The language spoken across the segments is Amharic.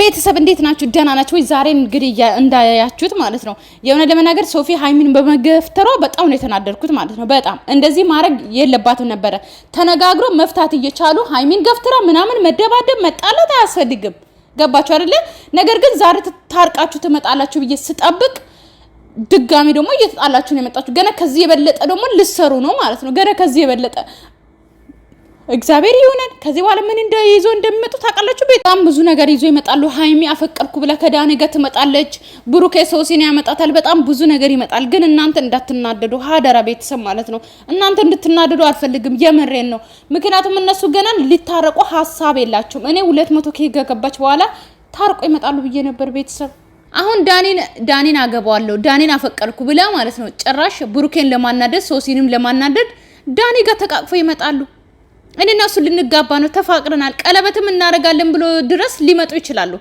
ቤተሰብ እንዴት ናችሁ? ደህና ናችሁ ወይ? ዛሬ እንግዲህ እንዳያችሁት ማለት ነው የሆነ ለመናገር ሶፊ ሀይሚን በመገፍተሯ በጣም ነው የተናደድኩት ማለት ነው። በጣም እንደዚህ ማድረግ የለባትም ነበረ። ተነጋግሮ መፍታት እየቻሉ ሀይሚን ገፍትራ ምናምን መደባደብ መጣላት አያስፈልግም። ገባችሁ አይደለ? ነገር ግን ዛሬ ታርቃችሁ ትመጣላችሁ ብዬ ስጠብቅ ድጋሚ ደግሞ እየተጣላችሁ ነው የመጣችሁ። ገና ከዚህ የበለጠ ደግሞ ልሰሩ ነው ማለት ነው። ገና ከዚህ የበለጠ እግዚአብሔር ይሁንን። ከዚህ በኋላ ምን እንደ ይዞ እንደሚመጡ ታውቃላችሁ። በጣም ብዙ ነገር ይዞ ይመጣሉ። ሀይሚ አፈቀርኩ ብላ ከዳኔ ጋር ትመጣለች። ብሩኬ ሶሲን ያመጣታል። በጣም ብዙ ነገር ይመጣል። ግን እናንተ እንዳትናደዱ ሀደራ፣ ቤተሰብ ማለት ነው። እናንተ እንድትናደዱ አልፈልግም። የምሬን ነው። ምክንያቱም እነሱ ገና ሊታረቁ ሀሳብ የላቸውም። እኔ ሁለት መቶ ከገባች በኋላ ታርቆ ይመጣሉ ብዬ ነበር ቤተሰብ አሁን ዳኔን ዳኔን አገባዋለሁ ዳኔን አፈቀርኩ ብላ ማለት ነው። ጭራሽ ብሩኬን ለማናደድ ሶሲንም ለማናደድ ዳኔ ጋር ተቃቅፎ ይመጣሉ። እኔ እና እሱ ልንጋባ ነው፣ ተፋቅረናል፣ ቀለበትም እናደርጋለን ብሎ ድረስ ሊመጡ ይችላሉ።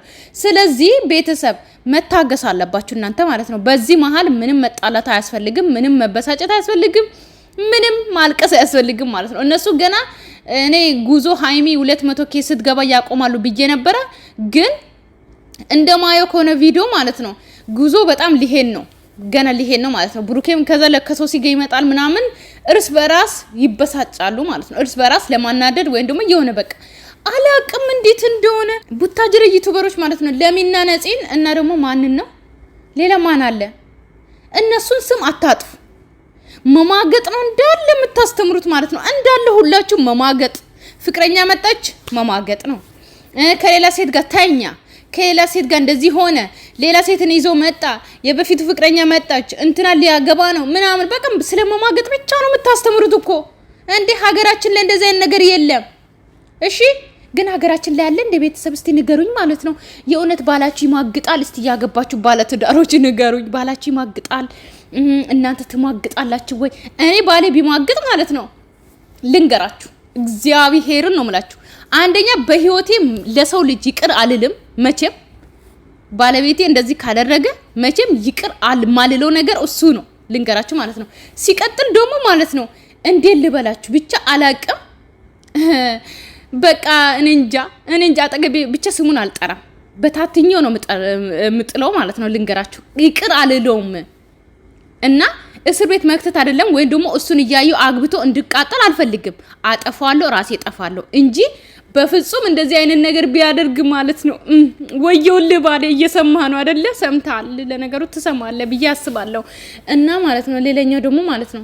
ስለዚህ ቤተሰብ መታገስ አለባችሁ እናንተ ማለት ነው። በዚህ መሀል ምንም መጣላት አያስፈልግም፣ ምንም መበሳጨት አያስፈልግም፣ ምንም ማልቀስ አያስፈልግም ማለት ነው። እነሱ ገና እኔ ጉዞ ሀይሚ ሁለት መቶ ኬ ስትገባ ያቆማሉ ብዬ ነበረ። ግን እንደማየው ከሆነ ቪዲዮ ማለት ነው ጉዞ በጣም ሊሄድ ነው ገና ሊሄድ ነው ማለት ነው። ብሩኬም ከዛ ለከሶ ጋ ይመጣል ምናምን እርስ በራስ ይበሳጫሉ ማለት ነው። እርስ በራስ ለማናደድ ወይም ደግሞ የሆነ በቃ አላቅም እንዴት እንደሆነ ቡታጅሬ ዩቱበሮች ማለት ነው። ለሚና ነፂን እና ደግሞ ማንን ነው ሌላ ማን አለ? እነሱን ስም አታጥፉ። መማገጥ ነው እንዳለ የምታስተምሩት ማለት ነው። እንዳለ ሁላችሁ መማገጥ፣ ፍቅረኛ መጣች መማገጥ ነው። ከሌላ ሴት ጋር ተኛ፣ ከሌላ ሴት ጋር እንደዚህ ሆነ ሌላ ሴትን ይዞ መጣ፣ የበፊቱ ፍቅረኛ መጣች፣ እንትና ሊያገባ ነው ምናምን። በቃ ስለመማገጥ ብቻ ነው የምታስተምሩት እኮ እንዴ! ሀገራችን ላይ እንደዚህ አይነት ነገር የለም። እሺ ግን ሀገራችን ላይ ያለ እንደ ቤተሰብ እስቲ ንገሩኝ ማለት ነው። የእውነት ባላችሁ ይማግጣል? እስቲ ያገባችሁ ባለትዳሮች ንገሩኝ፣ ባላችሁ ይማግጣል? እናንተ ትማግጣላችሁ ወይ? እኔ ባሌ ቢማግጥ ማለት ነው ልንገራችሁ፣ እግዚአብሔርን ነው ምላችሁ። አንደኛ በህይወቴ ለሰው ልጅ ይቅር አልልም መቼም ባለቤቴ እንደዚህ ካደረገ መቼም ይቅር አልማልለው ነገር እሱ ነው። ልንገራችሁ ማለት ነው። ሲቀጥል ደግሞ ማለት ነው እንዴት ልበላችሁ ብቻ አላቅም። በቃ እንንጃ እንንጃ አጠገቤ ብቻ ስሙን አልጠራም። በታትኛው ነው የምጥለው ማለት ነው። ልንገራችሁ ይቅር አልለውም እና እስር ቤት መክተት አይደለም ወይም ደግሞ እሱን እያየው አግብቶ እንድቃጠል አልፈልግም። አጠፋለሁ፣ ራሴ ጠፋለሁ እንጂ በፍጹም እንደዚህ አይነት ነገር ቢያደርግ ማለት ነው ወየውልህ ባሌ። እየሰማ ነው አደለ? ሰምታል። ለነገሩ ትሰማለህ ብዬ አስባለሁ። እና ማለት ነው ሌላኛው ደግሞ ማለት ነው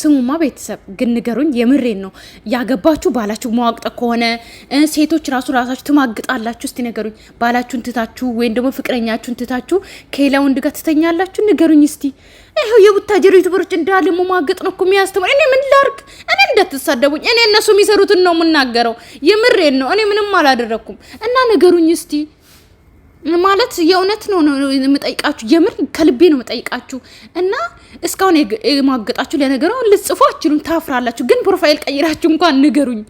ስሙማ ቤተሰብ ግን ንገሩኝ፣ የምሬን ነው። ያገባችሁ ባላችሁ መዋቅጠ ከሆነ ሴቶች ራሱ ራሳችሁ ትማግጣላችሁ። እስቲ ነገሩኝ። ባላችሁን ትታችሁ ወይም ደግሞ ፍቅረኛችሁን ትታችሁ ከሌላ ወንድ ጋር ትተኛላችሁ? ንገሩኝ እስቲ። ይኸው የቡታጀሩ ዩቱበሮች እንዳለ መማገጥ ነው እኮ የሚያስተምር። እኔ ምን ላርግ? እኔ እንደትሳደቡኝ፣ እኔ እነሱ የሚሰሩትን ነው የምናገረው። የምሬን ነው። እኔ ምንም አላደረግኩም እና ንገሩኝ እስቲ ማለት የእውነት ነው የምጠይቃችሁ፣ የምር ከልቤ ነው የምጠይቃችሁ። እና እስካሁን የማገጣችሁ ለነገሩ ልጽፎ አችሉም፣ ታፍራላችሁ። ግን ፕሮፋይል ቀይራችሁ እንኳን ንገሩኝ።